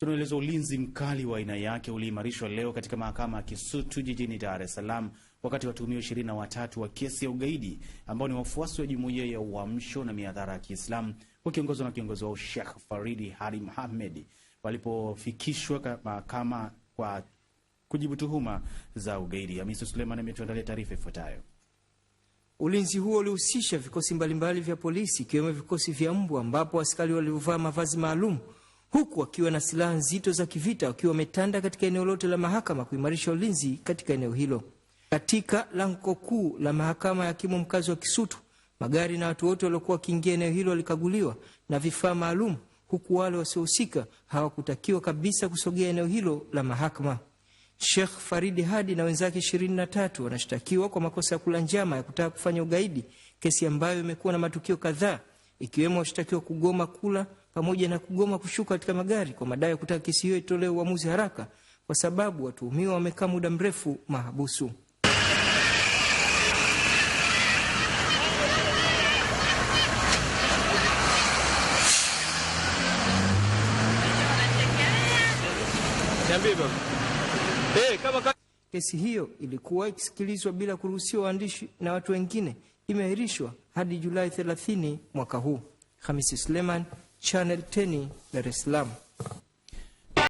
Tunaeleza ulinzi mkali wa aina yake uliimarishwa leo katika mahakama ya Kisutu jijini Dar es Salaam wakati watuhumiwa ishirini na watatu wa kesi ya ugaidi ambao ni wafuasi wa Jumuiya ya Uamsho na Miadhara ya Kiislamu wakiongozwa na kiongozi wao Shekh Faridi Hadi Mohamed walipofikishwa mahakama kwa kujibu tuhuma za ugaidi. Hamisi Suleiman ametuandalia taarifa ifuatayo. Ulinzi huo ulihusisha vikosi mbalimbali mbali vya polisi ikiwemo vikosi vya mbwa ambapo askari waliovaa mavazi maalum huku wakiwa na silaha nzito za kivita wakiwa wametanda katika eneo lote la mahakama kuimarisha ulinzi katika eneo hilo. Katika lango kuu la mahakama ya hakimu mkazi wa Kisutu, magari na watu wote waliokuwa wakiingia eneo hilo walikaguliwa na vifaa maalum, huku wale wasiohusika hawakutakiwa kabisa kusogea eneo hilo la mahakama. Sheikh Faridi Hadi na wenzake ishirini na tatu wanashtakiwa kwa makosa ya kula njama ya kutaka kufanya ugaidi, kesi ambayo imekuwa na matukio kadhaa ikiwemo washtakiwa kugoma kula pamoja na kugoma kushuka katika magari kwa madai ya kutaka kesi hiyo itolewe uamuzi haraka, kwa sababu watuhumiwa wamekaa muda mrefu mahabusu. Eh, kesi hiyo ilikuwa ikisikilizwa bila kuruhusiwa waandishi na watu wengine imeahirishwa hadi Julai 30 mwaka huu. Hamisi suleman Channel 10, Dar es Salaam.